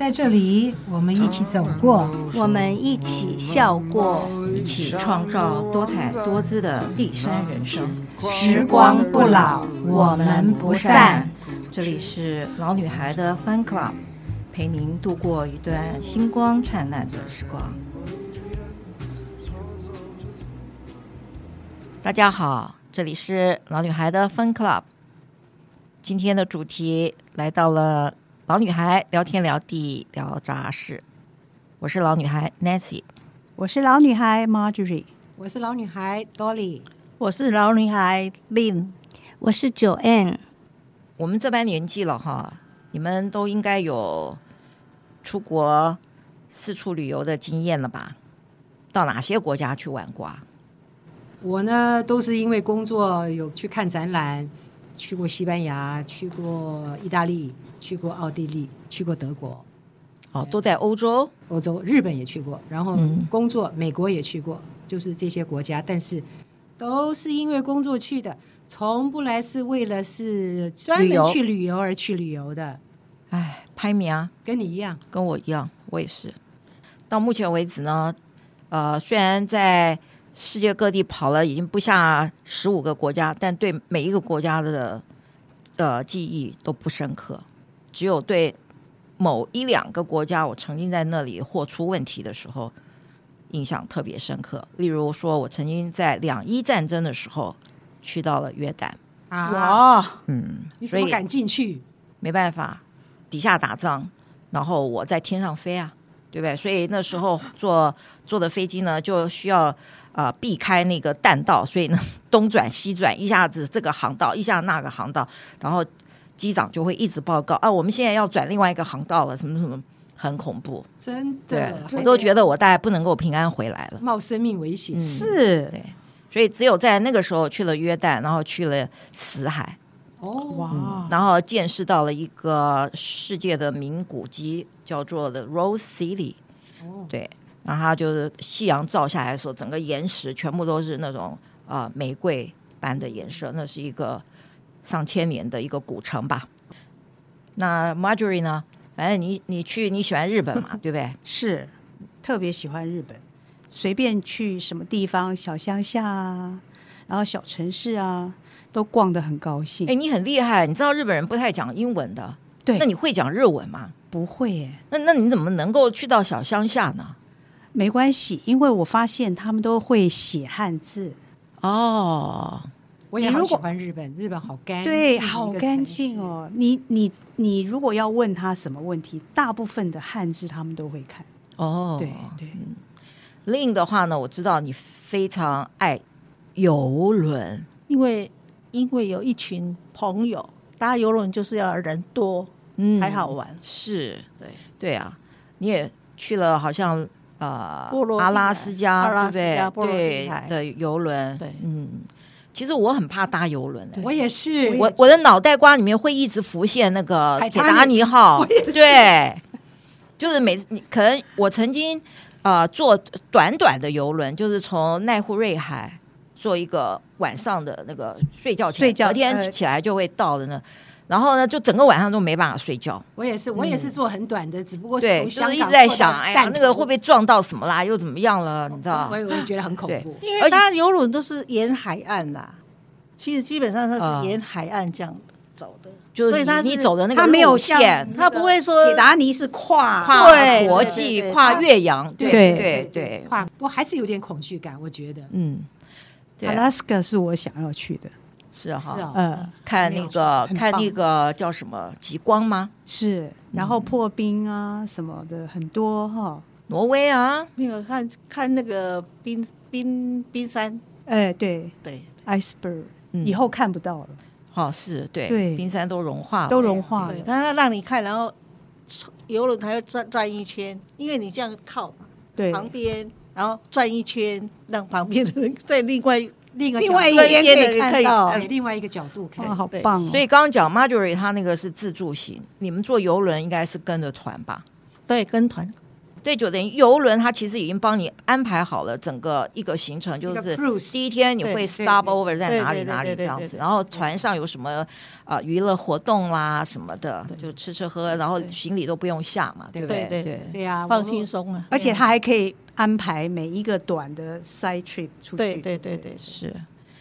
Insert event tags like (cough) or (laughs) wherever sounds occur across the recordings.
在這裡，我們一起走過，我們一起笑過，一起創造多彩多姿的第三人生。時光不老，我們不散。這裡是老女孩的 Fun Club，陪您度過一段星光燦爛的時光。大家好，這裡是老女孩的 Fun Club。今天的主題來到了。老女孩聊天聊地聊雜事，我是老女孩 Nancy，我是老女孩 Marjorie，我是老女孩 Dolly，我是老女孩 Lin，我是 Joanne。我們這般年紀了哈，你們都應該有出國四處旅遊的經驗了吧？到哪些國家去玩過？我呢，都是因為工作有去看展覽。去過西班牙，去過意大利，去過奧地利，去過德國，哦，都在歐洲。歐洲、日本也去過，然後工作，嗯、美國也去過，就是這些國家。但是都是因為工作去的，從來不是為了是專門去旅遊而去旅遊的。哎，歹命啊，跟你一樣，跟我一樣，我也是。到目前為止呢，呃，雖然在。世界各地跑了，已經不下十五個國家，但對每一個國家的呃記憶都不深刻，只有對某一兩個國家，我曾經在那裡或出問題的時候，印象特別深刻。例如說，我曾經在兩伊戰爭的時候去到了約旦啊，哇嗯，你怎麼敢進去？沒辦法，底下打仗，然後我在天上飛啊，對不對？所以那時候坐坐的飛機呢，就需要。啊、呃，避開那個彈道，所以呢，東轉西轉，一下子這個航道，一下那個航道，然後機長就會一直報告啊，我們現在要轉另外一個航道了，什麼什麼，很恐怖，嗯、真的，我都覺得我大概不能夠平安回來了，冒生命危險、嗯、是，對，所以只有在那個時候去了約旦，然後去了死海，哦、嗯、哇，然後見識到了一個世界的名古蹟，叫做 The Rose City，、哦、對。然後他就是夕陽照下來的時候，整個岩石全部都是那種啊、呃、玫瑰般的顏色。那是一個上千年的一個古城吧。那 Marjorie 呢？反、哎、正你你去你喜歡日本嘛， (laughs) 對不對？是，特別喜歡日本。隨便去什麼地方，小鄉下啊，然後小城市啊，都逛得很高興。哎，你很厲害，你知道日本人不太講英文的，對？那你會講日文嗎？不會耶。那那你怎麼能夠去到小鄉下呢？沒關係，因為我發現他們都會寫漢字哦。Oh, 我也好喜歡日本，日本好乾淨，對，好乾淨哦。你你你，你你如果要問他什麼問題，大部分的漢字他們都會看哦、oh,。對對。另的話呢，我知道你非常愛遊輪，因為因為有一群朋友，搭遊輪就是要人多，嗯，才好玩。嗯、是，對對啊。你也去了，好像。呃，阿拉斯加對不對？對的，郵輪。對，嗯，其實我很怕搭郵輪，我也是。我我的腦袋瓜裡面會一直浮現那個鐵達尼號，對，就是每次你可能我曾經啊坐短短的郵輪，就是從奈湖瑞海坐一個晚上的那個睡覺，睡覺，第二天起來就會到的那。然後呢，就整個晚上都沒辦法睡覺。我也是，我也是坐很短的，只不過我是一直在想，哎那個會不會撞到什麼啦，又怎麼樣了，你知道嗎？我也覺得很恐怖。因為它遊輪都是沿海岸啦，其實基本上它是沿海岸這樣走的，就是你走的那個沒有線，他不會說鐵達尼是跨跨國際、跨越洋，對對對，跨，我還是有點恐懼感，我覺得，嗯，對。Alaska 是我想要去的。是哈，嗯，看那個，看那個叫什麼極光嗎？是，然後破冰啊什麼的很多哈，挪威啊，那個看看那個冰冰冰山，哎，對對，iceberg，以後看不到了，好是對，對，冰山都融化了，都融化了，他他讓你看，然後遊輪還要轉轉一圈，因為你這樣靠嘛，對，旁邊，然後轉一圈，讓旁邊的人在另外。另，另外一個，可以看到，看到欸、另外一個角度看，好棒哦！對所以剛剛講 Marjorie 他那個是自助行，你們坐遊輪應該是跟着團吧？對，跟團。對，就等於遊輪，它其實已經幫你安排好了整個一個行程，就是第一天你會 stop over 在哪裡哪裡這樣子，然後船上有什麼呃、娛樂活動啦什麼的，就吃吃喝，然後行李都不用下嘛，對不對，對，對？對呀，放輕鬆啊！而且它還可以安排每一個短的 side trip 出去。對對對，是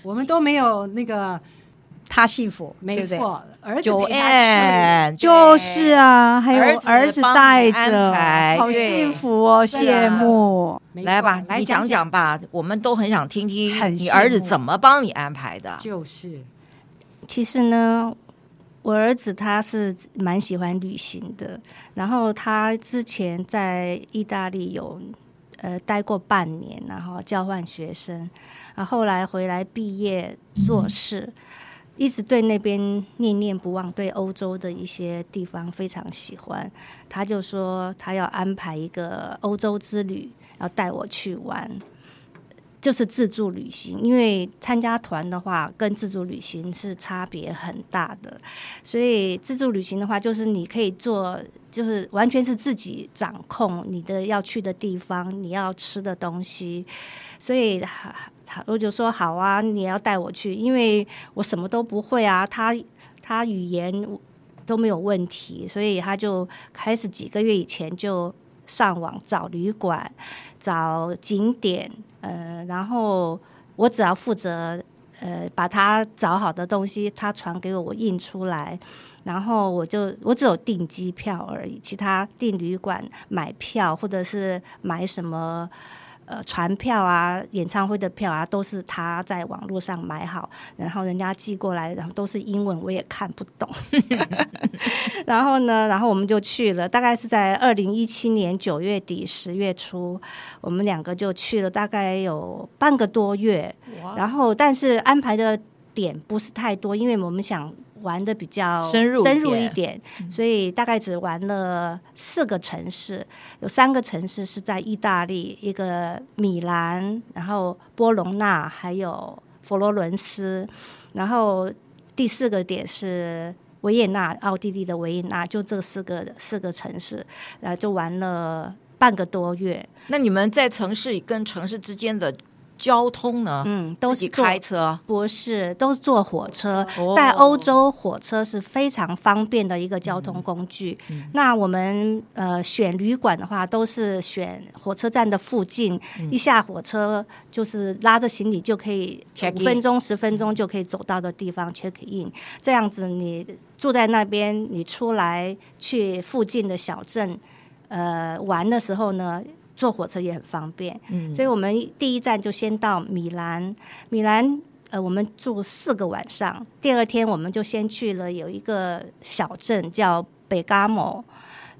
我們都沒有那個。他幸福，沒錯，對對，兒子陪。對對就是啊，還有兒子帶着，帶對好幸福哦，啊、羨慕。錯來吧，來講講你講講吧，我們都很想聽聽你兒子怎麼幫你安排的。就是，其實呢，我兒子他是蠻喜歡旅行的，然後他之前在意大利，有、呃、待過半年，然後交換學生，然後來回來畢業做事。嗯一直對那邊念念不忘，對歐洲的一些地方非常喜歡。他就說他要安排一個歐洲之旅，要帶我去玩，就是自助旅行。因為參加團的話，跟自助旅行是差別很大的。所以自助旅行的話，就是你可以做，就是完全是自己掌控你的要去的地方，你要吃的東西。所以。我就說好啊，你要帶我去，因為我什麼都不會啊。他他語言都沒有問題，所以他就開始幾個月以前就上網找旅館、找景點，嗯、呃，然後我只要負責呃把他找好的東西，他傳給我，我印出來，然後我就我只有訂機票而已，其他訂旅館、買票或者是買什麼。呃，船票啊，演唱會的票啊，都是他在網絡上買好，然後人家寄過來，然後都是英文，我也看不懂。 (laughs) (laughs) 然後呢，然後我們就去了，大概是在二零一七年九月底十月初，我們兩個就去了，大概有半個多月。Wow. 然後，但是安排的點不是太多，因為我們想。玩的比較深入深入一點，yeah, 所以大概只玩了四個城市。嗯、有三個城市是在意大利，一個米蘭，然後波隆那還有佛羅倫斯，然後第四個點是維也納，奧地利的維也納，就這四個四個城市，然後就玩了半個多月。那你們在城市跟城市之間的？交通呢？嗯，都是開車？不是，都是坐火車。Oh. 在歐洲，火車是非常方便的一個交通工具。嗯嗯、那我們呃選旅館的話，都是選火車站的附近。嗯、一下火車，就是拉着行李就可以五分鐘、十 Check in. 分鐘就可以走到的地方 check in。這樣子，你住在那邊，你出來去附近的小鎮呃玩的時候呢？坐火車也很方便，嗯，所以我們第一站就先到米蘭，米蘭呃，我們住四個晚上，第二天我們就先去了有一個小鎮叫貝加莫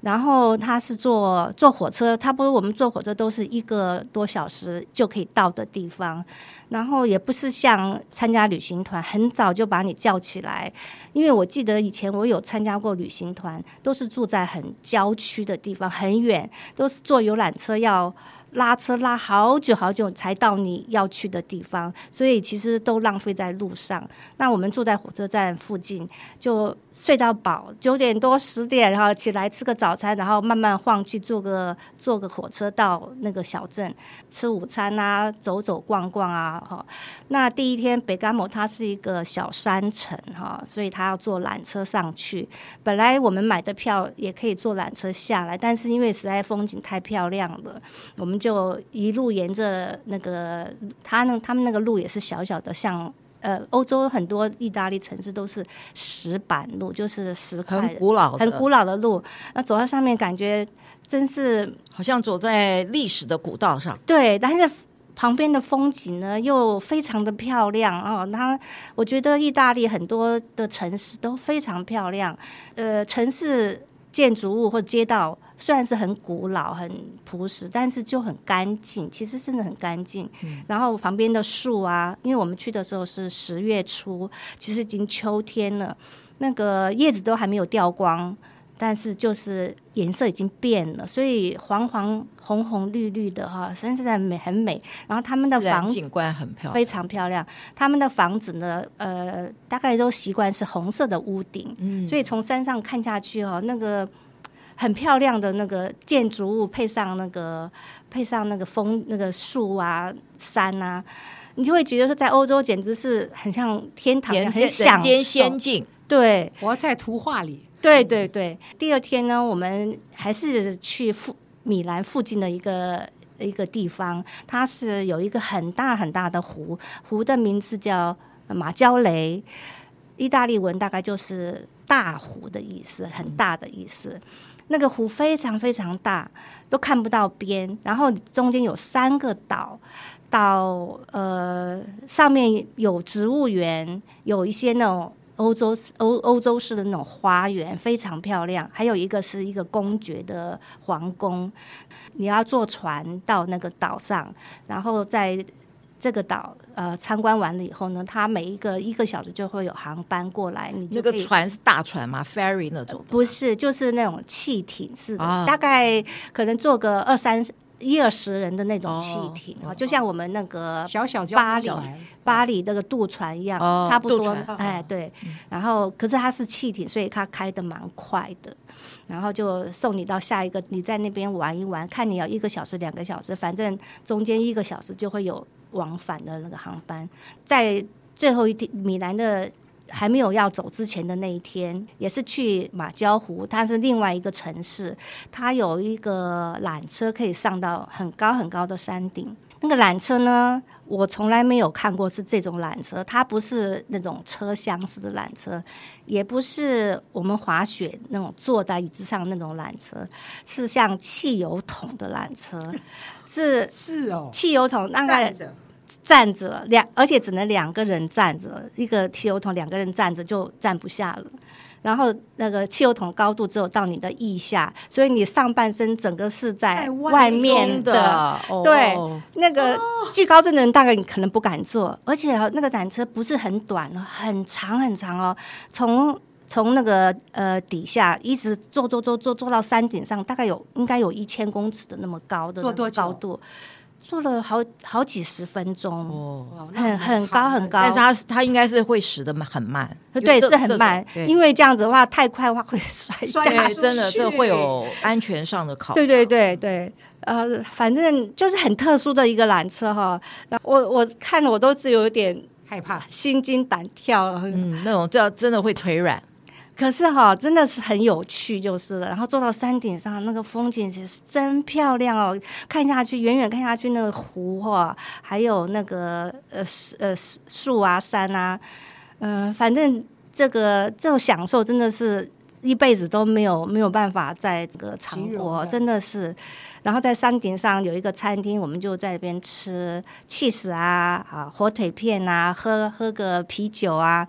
然後他是坐坐火車，差不多我們坐火車都是一個多小時就可以到的地方。然後也不是像參加旅行團，很早就把你叫起來。因為我記得以前我有參加過旅行團，都是住在很郊區的地方，很遠，都是坐遊覽車要。拉車拉好久好久才到你要去的地方，所以其實都浪費在路上。那我們住在火車站附近，就睡到飽，九點多十點，然後起來吃個早餐，然後慢慢晃去坐個坐個火車到那個小鎮吃午餐啊，走走逛逛啊，哈。那第一天貝加莫它是一個小山城哈，所以他要坐纜車上去。本來我們買的票也可以坐纜車下來，但是因為實在風景太漂亮了，我們。就一路沿着那個，他呢，他們那個路也是小小的，像呃，歐洲很多意大利城市都是石板路，就是石很古老、很古老的路。那、啊、走到上面，感覺真是好像走在歷史的古道上。對，但是旁邊的風景呢，又非常的漂亮哦，它，我覺得意大利很多的城市都非常漂亮。呃，城市。建築物或街道雖然是很古老、很樸實，但是就很乾淨，其實真的很乾淨。嗯、然後旁邊的樹啊，因為我們去的時候是十月初，其實已經秋天了，那個葉子都還沒有掉光。但是就是顏色已經變了，所以黃黃紅紅綠綠的哈、哦，實在很美很美。然後他們的房子景觀很漂亮，非常漂亮。他們的房子呢，呃，大概都習慣是紅色的屋頂，嗯、所以從山上看下去哦，那個很漂亮的那個建築物配、那個，配上那個配上那個風那個樹啊山啊，你就會覺得說，在歐洲簡直是很像天堂，間很像仙境。對，我在圖畫裡。對對對，第二天呢，我們還是去附米蘭附近的一個一個地方，它是有一個很大很大的湖，湖的名字叫馬焦雷，意大利文大概就是大湖的意思，很大的意思。那個湖非常非常大，都看不到邊，然後中間有三個島，島呃上面有植物園，有一些那種。歐洲歐歐洲式的那種花園非常漂亮，還有一個是一個公爵的皇宮，你要坐船到那個島上，然後在這個島呃參觀完了以後呢，它每一個一個小時就會有航班過來。你那個船是大船嗎？Ferry 那種？不是，就是那種汽艇似的，啊、大概可能坐個二三十，一二十人的那種汽艇啊，哦、就像我們那個小小巴黎，哦哦、小小巴黎那個渡船一樣，哦、差不多船哎、嗯、對。然後，可是它是汽艇，所以它開得蠻快的。然後就送你到下一個，你在那邊玩一玩，看你要一個小時、兩個小時，反正中間一個小時就會有往返的那個航班。在最後一天，米蘭的。還沒有要走之前的那一天，也是去馬焦湖，它是另外一個城市，它有一個纜車可以上到很高很高的山頂。那個纜車呢，我從來沒有看過是這種纜車，它不是那種車廂式的纜車，也不是我們滑雪那種坐在椅子上那種纜車，是像汽油桶的纜車，是是哦，汽油桶那個。站着兩，而且只能兩個人站着，一個汽油桶兩個人站着就站不下了。然後那個汽油桶高度只有到你的腋下，所以你上半身整個是在外面的。的對，哦、那個懼高症的人大概你可能不敢坐，哦、而且，哦、那個纜車不是很短，很長很長哦，從從那個呃底下一直坐坐坐坐坐到山頂上，大概有應該有一千公尺的那麼高的麼高度。坐了好好幾十分鐘哦，很很高很高，很高，但是他他應該是會駛得很慢，對，是很慢，因為這樣子的話太快的話會摔下來，對，真的這會有安全上的考。對對對對，呃，反正就是很特殊的一個纜車哈，我我看了我都只有點害怕，心驚膽跳，嗯，那種叫真的會腿軟。可是哈、哦，真的是很有趣，就是了。然後坐到山頂上，那個風景是真漂亮哦。看下去，遠遠看下去，那個湖哈、哦，還有那個呃呃樹啊、山啊，嗯、呃，反正這個這種享受，真的是一輩子都沒有沒有辦法在這個嘗過，啊、真的是。然後在山頂上有一個餐廳，我們就在那邊吃氣 h 啊啊，火腿片啊，喝喝個啤酒啊。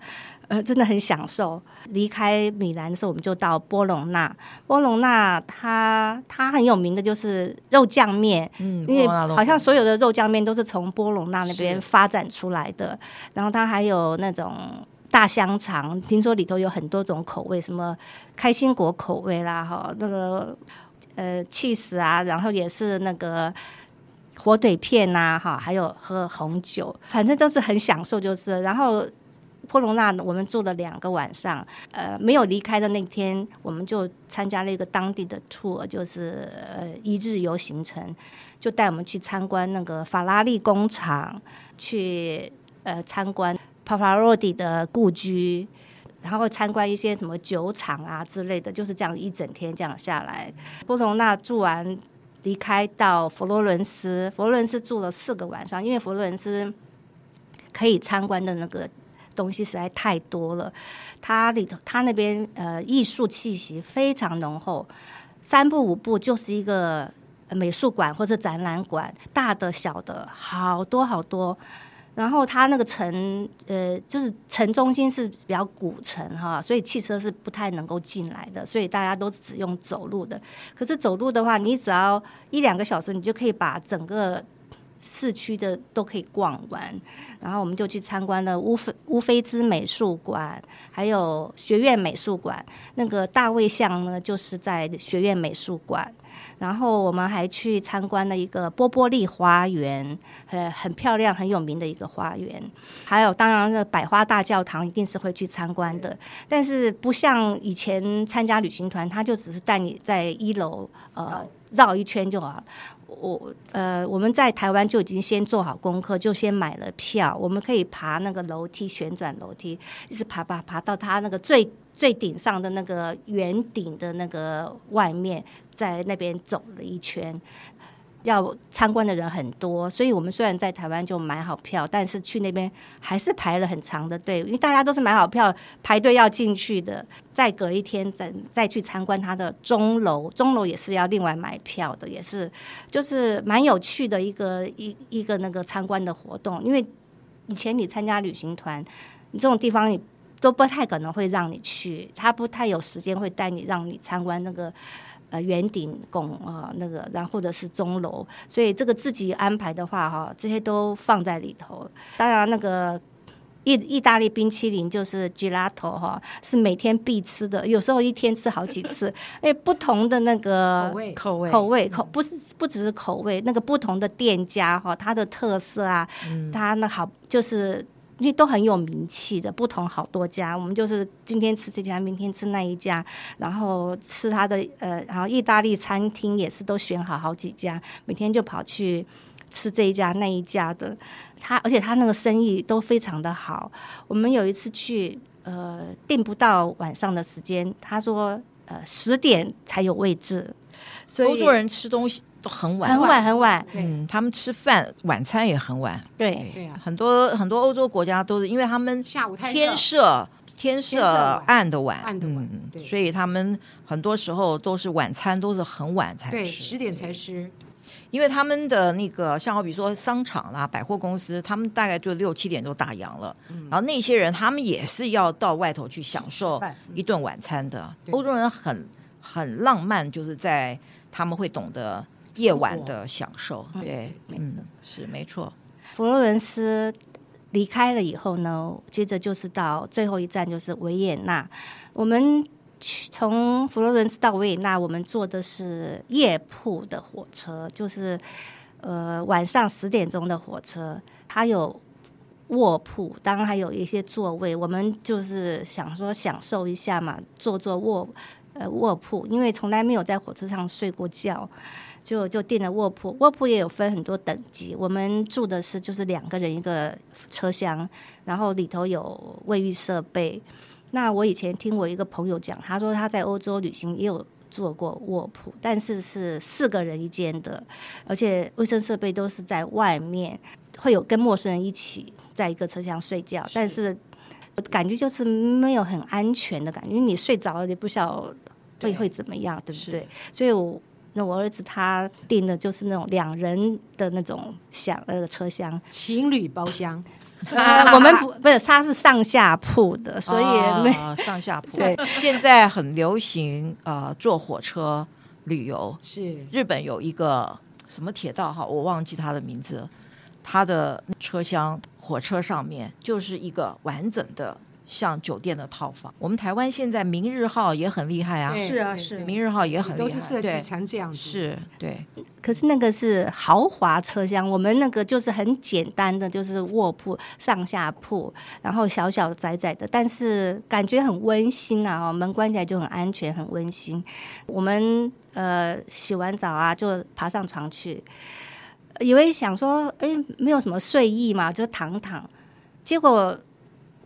呃、真的很享受。離開米蘭的時候，我們就到波隆那。波隆那它它很有名的就是肉醬麵，嗯，因為好像所有的肉醬麵都是從波隆那那邊發展出來的。是然後它還有那種大香腸，聽說裡頭有很多種口味，什麼開心果口味啦，哈，那個呃氣 h 啊，然後也是那個火腿片吶、啊，哈，還有喝紅酒，反正都是很享受，就是然後。波隆納，我們住了兩個晚上，呃，沒有離開的那天，我們就參加了一個當地的 tour，就是呃一日遊行程，就帶我們去參觀那個法拉利工廠，去呃參觀帕帕羅蒂的故居，然後參觀一些什麼酒廠啊之類的，就是這樣一整天這樣下來。波隆納住完離開到佛羅倫斯，佛羅倫斯住了四個晚上，因為佛羅倫斯可以參觀的那個。東西實在太多了，它裡頭它那邊呃藝術氣息非常濃厚，三步五步就是一個美術館或者展覽館，大的小的好多好多。然後它那個城呃就是城中心是比較古城哈，所以汽車是不太能夠進來的，所以大家都只用走路的。可是走路的話，你只要一兩個小時，你就可以把整個。市區的都可以逛完，然後我們就去參觀了烏菲烏菲茲美術館，還有學院美術館。那個大衛像呢，就是在學院美術館。然後我們還去參觀了一個波波利花園，很漂亮，很有名的一個花園。還有，當然，那個百花大教堂一定是會去參觀的。但是，不像以前參加旅行團，他就只是帶你在一樓呃繞一圈就好了。我呃，我們在台灣就已經先做好功課，就先買了票。我們可以爬那個樓梯，旋轉樓梯，一直爬爬爬到他那個最最頂上的那個圓頂的那個外面，在那邊走了一圈。要參觀的人很多，所以我們雖然在台灣就買好票，但是去那邊還是排了很長的隊，因為大家都是買好票排隊要進去的。再隔一天再，再再去參觀他的鐘樓，鐘樓也是要另外買票的，也是就是蠻有趣的一個一一個那個參觀的活動。因為以前你參加旅行團，你這種地方你都不太可能會讓你去，他不太有時間會帶你讓你參觀那個。呃，圓頂拱啊，那個，然後或者是鐘樓，所以這個自己安排的話哈、哦，這些都放在裡頭。當然，那個意意大利冰淇淋就是 gelato，哈，是每天必吃的，有時候一天吃好幾次，誒、 (laughs) 欸，不同的那個口味，口味，口味，口、嗯、不是不只是口味，那個不同的店家哈、哦，它的特色啊，嗯、它那好就是。因為都很有名氣的，不同好多家，我們就是今天吃這家，明天吃那一家，然後吃他的呃，然後意大利餐廳也是都選好好幾家，每天就跑去吃這一家那一家的，他而且他那個生意都非常的好。我們有一次去，呃，訂不到晚上的時間，他說，呃，十點才有位置。歐洲人吃東西都很晚，很晚很晚。嗯，他們吃飯晚餐也很晚。對對啊，很多很多歐洲國家都是因為他們下午太天色天色暗得晚，暗得晚，所以他們很多時候都是晚餐都是很晚才吃，十點才吃。因為他們的那個像我比如說商場啦、百貨公司，他們大概就六七點都打烊了。嗯，然後那些人他們也是要到外頭去享受一頓晚餐的。歐洲人很很浪漫，就是在。他們會懂得夜晚的享受，對，嗯，是對、嗯、沒錯。佛羅倫斯離開了以後呢，接着就是到最後一站就是維也納。我們從佛羅倫斯到維也納，我們坐的是夜鋪的火車，就是呃晚上十點鐘的火車，它有臥鋪，當然還有一些座位。我們就是想說享受一下嘛，坐坐臥。呃，臥鋪，因為從來沒有在火車上睡過覺，就就訂了臥鋪。臥鋪也有分很多等級，我們住的是就是兩個人一個車廂，然後裡頭有衛浴設備。那我以前聽我一個朋友講，他說他在歐洲旅行也有坐過臥鋪，但是是四個人一間的，而且衛生設備都是在外面，會有跟陌生人一起在一個車廂睡覺，是但是。我感覺就是沒有很安全的感覺，因為你睡着了也不曉得會會怎麼樣，對，啊、對不對？是所以我，我那我兒子他訂的就是那種兩人的那種想那個車廂，情侶包廂。我們不不是，他是上下鋪的，所以沒、啊、上下鋪。 (laughs) 對現在很流行啊、呃，坐火車旅遊是日本有一個什麼鐵道哈，我忘記他的名字，他的車廂。火車上面就是一個完整的像酒店的套房。我們台灣現在明日號也很厲害啊，是啊是，明日號也很厲害，都是設計成這樣是對，是對可是那個是豪華車廂，我們那個就是很簡單的，就是臥鋪上下鋪，然後小小的窄窄的，但是感覺很溫馨啊，門關起來就很安全，很溫馨。我們呃洗完澡啊，就爬上床去。以為想說，哎，沒有什麼睡意嘛，就躺躺。結果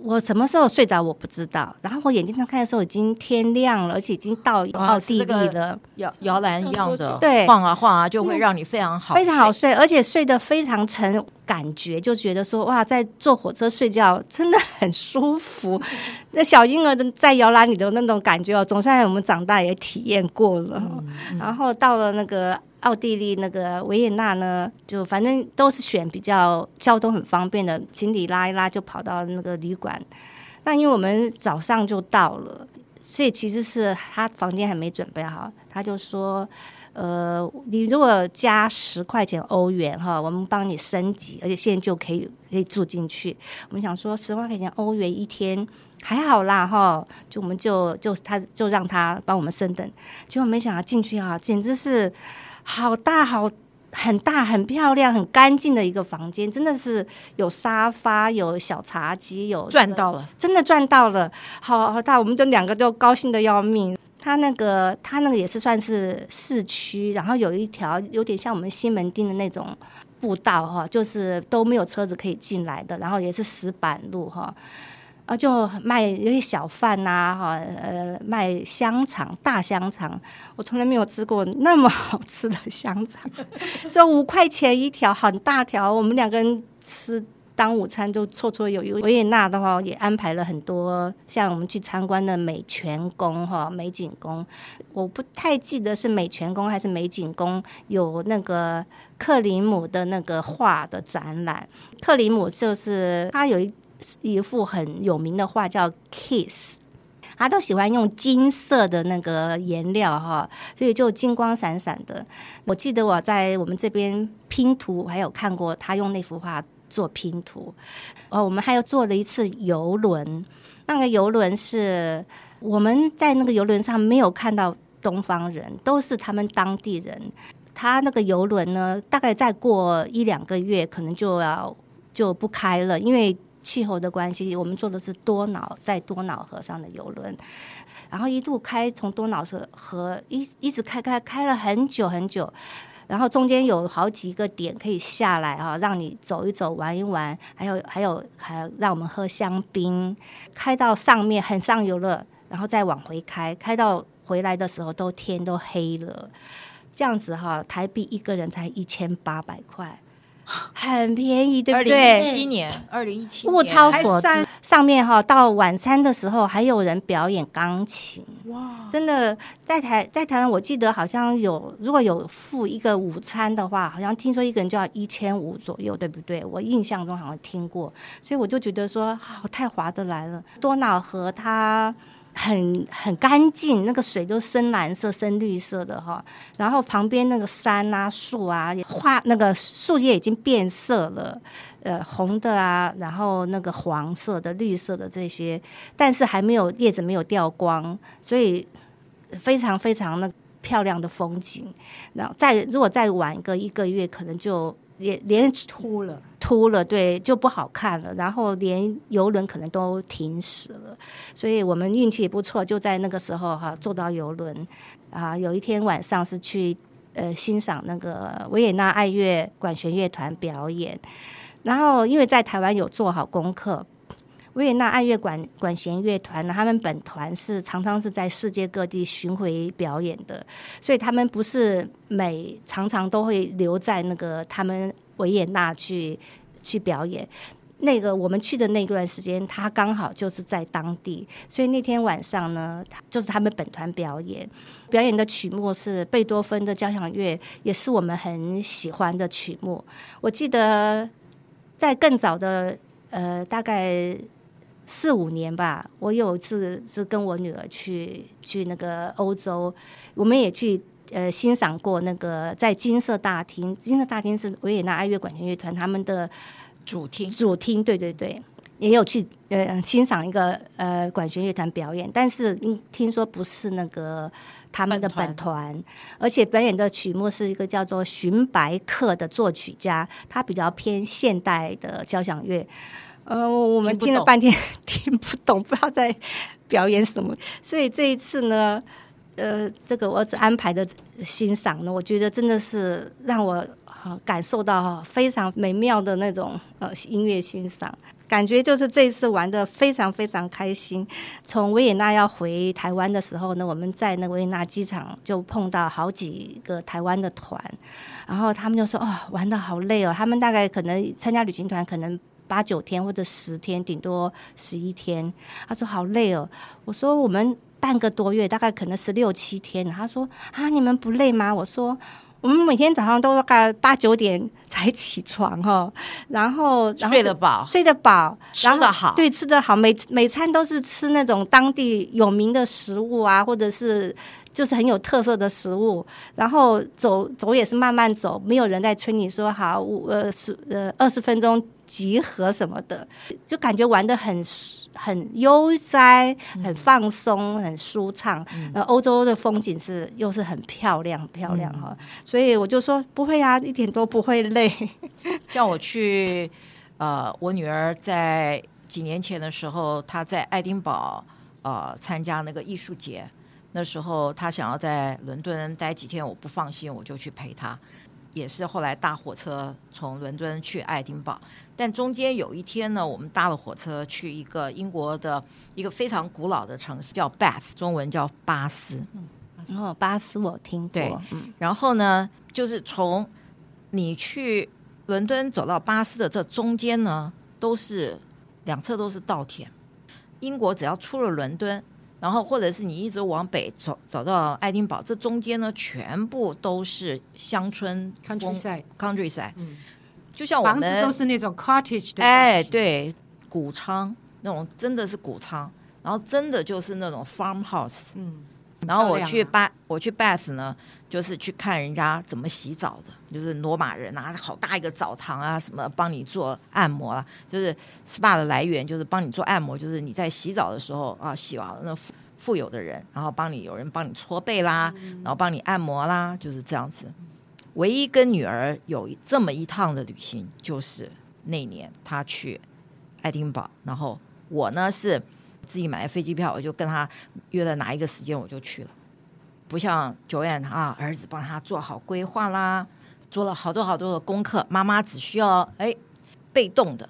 我什麼時候睡着，我不知道。然後我眼睛睜開的時候，已經天亮了，而且已經到奧地利了。搖搖籃一樣的，嗯、對，晃啊晃啊，就會讓你非常好，非常好睡，而且睡得非常沉，感覺就覺得說，哇，在坐火車睡覺真的很舒服。嗯、那小嬰兒的在搖籃裡的那種感覺哦，總算我們長大也體驗過了。嗯嗯、然後到了那個。奧地利那個維也納呢，就反正都是選比較交通很方便的，行李拉一拉就跑到那個旅館。那因為我們早上就到了，所以其實是他房間還沒準備好，他就說：“呃，你如果加十塊錢歐元哈，我們幫你升級，而且現在就可以可以住進去。”我們想說十塊錢歐元一天還好啦哈，就我們就就他就讓他幫我們升等，結果沒想到進去哈，簡直是。好大好很大很漂亮很乾淨的一個房間，真的是有沙發，有小茶几有、這個、賺到了，真的賺到了，好好大，我們就兩個都高興的要命。他那個他那個也是算是市區，然後有一條有點像我們西門町的那種步道哈，就是都沒有車子可以進來的，然後也是石板路哈。啊，就賣有些小販吶，哈，呃，賣香腸，大香腸，我從來沒有吃過那麼好吃的香腸，就五塊錢一條，很大條，我們兩個人吃當午餐就綽綽有餘。維也納的話也安排了很多，像我們去參觀的美泉宮哈、美景宮，我不太記得是美泉宮還是美景宮有那個克里姆的那個畫的展覽，克里姆就是他有一。一幅很有名的畫叫《Kiss》，他都喜歡用金色的那個顏料哈，所以就金光閃閃的。我記得我在我們這邊拼圖，我還有看過他用那幅畫做拼圖。哦，我們還有坐了一次郵輪，那個郵輪是我們在那個郵輪上沒有看到東方人，都是他們當地人。他那個郵輪呢，大概再過一兩個月可能就要就不開了，因為。氣候的關係，我們坐的是多瑙在多瑙河上的郵輪，然後一度開從多瑙河河一一直開開開了很久很久，然後中間有好幾個點可以下來啊、哦，讓你走一走玩一玩，還有還有還讓我們喝香檳，開到上面很上游了，然後再往回開，開到回來的時候都天都黑了，這樣子哈、哦，台幣一個人才一千八百塊。很便宜，對不對？二零一七年，二零一七年物超所值。上面哈、哦，到晚餐的時候還有人表演鋼琴，哇，真的在台在台灣，我記得好像有，如果有付一個午餐的話，好像聽說一個人就要一千五左右，對不對？我印象中好像聽過，所以我就覺得說，好、哦，太划得來了。多瑙河它。很很乾淨，那個水都深藍色、深綠色的哈。然後旁邊那個山啊、樹啊、花，那個樹葉已經變色了，呃，紅的啊，然後那個黃色的、綠色的這些，但是還沒有葉子沒有掉光，所以非常非常那漂亮的風景。然後再如果再晚個一個月，可能就。也連禿了，禿了，對，就不好看了。然後連郵輪可能都停駛了，所以我們運氣不錯，就在那個時候哈、啊、坐到郵輪啊。有一天晚上是去呃欣賞那個維也納愛樂管弦樂團表演，然後因為在台灣有做好功課。維也納愛樂管管弦樂團呢，他們本團是常常是在世界各地巡迴表演的，所以他們不是每常常都會留在那個他們維也納去去表演。那個我們去的那段時間，他剛好就是在當地，所以那天晚上呢，就是他們本團表演，表演的曲目是貝多芬的交響樂，也是我們很喜歡的曲目。我記得在更早的呃，大概。四五年吧，我有一次是跟我女兒去去那個歐洲，我們也去呃欣賞過那個在金色大廳。金色大廳是維也納愛樂管弦樂團他們的主廳，主廳，對對對，也有去呃欣賞一個呃管弦樂團表演，但是聽說不是那個他們的本團，本團而且表演的曲目是一個叫做荀白克的作曲家，他比較偏現代的交響樂。呃我，我們聽了半天聽不，聽，不聽不懂，不知道在表演什麼，所以這一次呢，呃，這個我只安排的欣賞呢，我覺得真的是讓我，呃，感受到非常美妙的那種呃音樂欣賞，感覺就是這一次玩得非常非常開心。從維也納要回台灣的時候呢，我們在那維也納機場就碰到好幾個台灣的團，然後他們就說：“哦，玩得好累哦。”他們大概可能參加旅行團，可能。八九天或者十天，頂多十一天。他說好累哦。我說我們半個多月，大概可能十六七天。他說啊，你們不累嗎？我說我們每天早上都大概八九點才起床哦，然後，然後睡得飽，睡得飽，然後，吃得好然後，對，吃得好，每每餐都是吃那種當地有名的食物啊，或者是。就是很有特色的食物，然後走走也是慢慢走，沒有人在催你說好，呃，十呃二十分鐘集合什麼的，就感覺玩得很很悠哉、很放鬆、嗯、很舒暢。呃、嗯，歐洲的風景是又是很漂亮、漂亮哈，嗯、所以我就說不會啊，一點都不會累。 (laughs) 像我去，呃，我女兒在幾年前的時候，她在愛丁堡呃參加那個藝術節。那時候他想要在倫敦待幾天，我不放心，我就去陪他。也是後來搭火車從倫敦去愛丁堡，但中間有一天呢，我們搭了火車去一個英國的一個非常古老的城市，叫 Bath，中文叫巴斯。嗯，哦，巴斯我聽過。對，然後呢，就是從你去倫敦走到巴斯的這中間呢，都是兩側都是稻田。英國只要出了倫敦。然後，或者是你一直往北走，走到愛丁堡，這中間呢，全部都是鄉村，countryside，countryside，, Countryside 嗯，就像我們房子都是那種 cottage，哎，對，穀倉那種，真的是穀倉，然後真的就是那種 farmhouse，嗯。然後我去拜、啊、我去 Bath 呢，就是去看人家怎麼洗澡的，就是羅馬人啊，好大一個澡堂啊，什麼幫你做按摩啊，就是 spa 的來源就是幫你做按摩，就是你在洗澡的時候啊，洗完了那富富有的人，然後幫你有人幫你搓背啦，嗯、然後幫你按摩啦，就是這樣子。唯一跟女兒有這麼一趟的旅行，就是那年她去愛丁堡，然後我呢是。我自己買飛機票，我就跟他約了哪一個時間，我就去了。不像 Joanne 啊，兒子幫他做好規劃啦，做了好多好多的功課，媽媽只需要哎被動的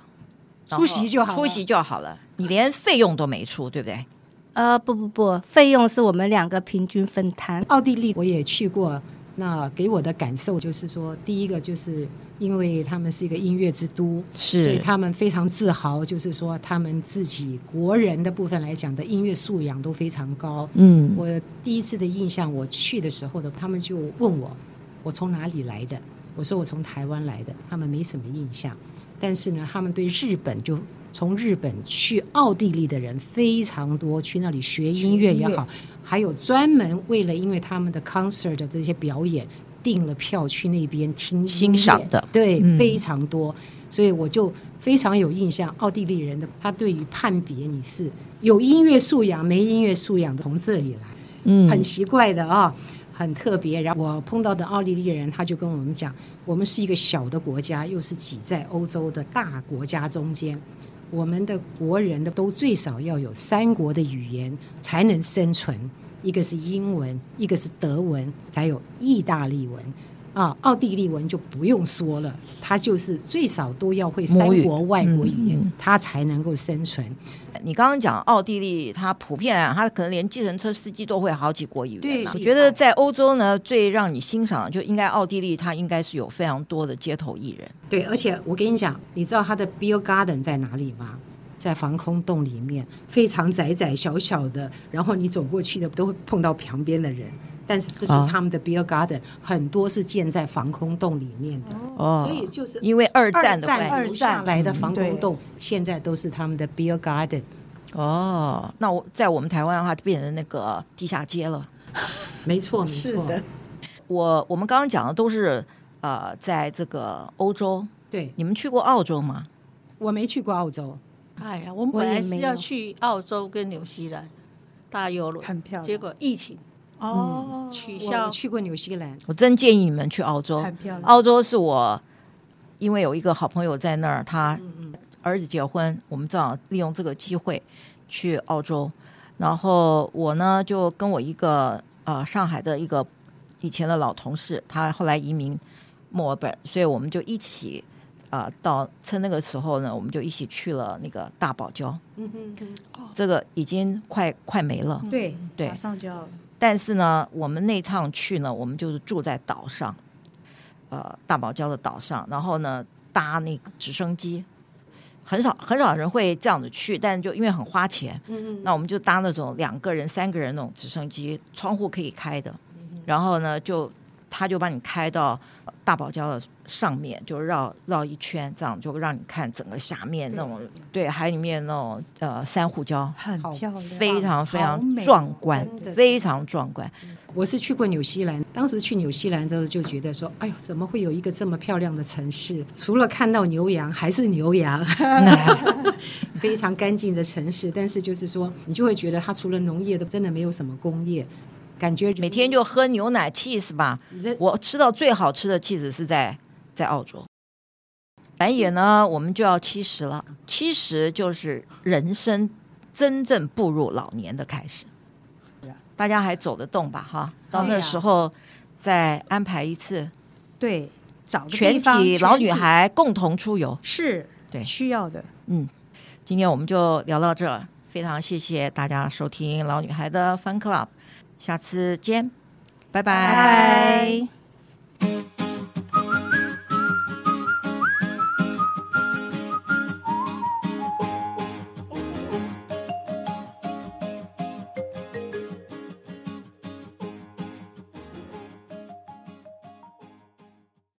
出席就好了，出席就好了，你連費用都沒出，對不對？呃，不不不，費用是我們兩個平均分攤。奧地利我也去過。那給我的感受就是說，第一個就是因為他們是一個音樂之都，是，他們非常自豪，就是說他們自己國人的部分來講的音樂素養都非常高。嗯，我第一次的印象，我去的時候的，他們就問我，我從哪裡來的？我說我從台灣來的，他們沒什麼印象。但是呢，他們對日本就從日本去奧地利的人非常多，去那裡學音樂也好，還有專門為了因為他們的 concert 的這些表演訂了票去那邊聽欣賞的，對，嗯、非常多。所以我就非常有印象，奧地利人的他對於判別你是有音樂素養沒音樂素養的，從這裡來，嗯，很奇怪的啊、哦。很特別，然後我碰到的奧地利人，他就跟我們講，我們是一個小的國家，又是擠在歐洲的大國家中間，我們的國人的都最少要有三國的語言才能生存，一個是英文，一個是德文，還有意大利文。啊，奧地利文就不用說了，他就是最少都要會三國外國語言，語嗯、他才能夠生存。你剛剛講奧地利，他普遍、啊、他可能連計程車司機都會好幾國語、啊、對，我覺得在歐洲呢，最讓你欣賞的就應該奧地利，它應該是有非常多的街頭藝人。對，而且我跟你講，你知道他的 Bill Garden 在哪裡嗎？在防空洞裡面，非常窄窄小小的，然後你走過去的都會碰到旁邊的人。但是這就是他們的 beer garden，哦，很多是建在防空洞裡面的。哦，所以就是因為二戰的，二戰，二戰來的防空洞，嗯，現在都是他們的 beer garden。哦，那我在我們台灣的話，就變成那個地下街了。 (laughs) 沒錯，沒錯的。我我們剛剛講的都是呃，在這個歐洲。對，你們去過澳洲嗎？我沒去過澳洲。哎呀，我們本來是要去澳洲跟紐西蘭，有大郵輪，很漂亮，結果疫情，哦，取消。我去過紐西蘭，我真建議你們去澳洲，很漂亮。澳洲是我，因為有一個好朋友在那兒，他兒子結婚，嗯嗯。我們正好利用這個機會去澳洲。然後我呢，就跟我一個呃上海的一個以前的老同事，他後來移民墨爾本，所以我們就一起。啊、呃，到趁那個時候呢，我們就一起去了那個大堡礁。嗯嗯，這個已經快快沒了。對對，馬對、啊、上就要。但是呢，我們那趟去呢，我們就是住在島上，呃，大堡礁的島上。然後呢，搭那個直升機，很少很少人會這樣子去，但是就因為很花錢。嗯嗯，那我們就搭那種兩個人、三個人那種直升機，窗戶可以開的。嗯、哼然後呢，就他就把你開到。大堡礁的上面就繞繞一圈，這樣就讓你看整個下面那種對，對海裡面那種呃珊瑚礁，很漂亮，非常非常壯觀，非常壯觀。我是去過紐西蘭，當時去紐西蘭之後就覺得說，哎呦，怎麼會有一個這麼漂亮的城市？除了看到牛羊還是牛羊，哪 (laughs) 非常乾淨的城市。但是就是說，你就會覺得它除了農業，都真的沒有什麼工業。感覺、就是、每天就喝牛奶、cheese 吧。這我吃到最好吃的 cheese 是在在澳洲。轉眼呢，是我們就要七十了，七十就是人生真正步入老年的開始。啊、大家還走得動吧？哈，啊、到那時候再安排一次，對，找個地方，全體老女孩共同出遊是，對，需要的。嗯，今天我們就聊到這兒，非常謝謝大家收聽老女孩的 Fun Club。下次見，拜拜。拜拜。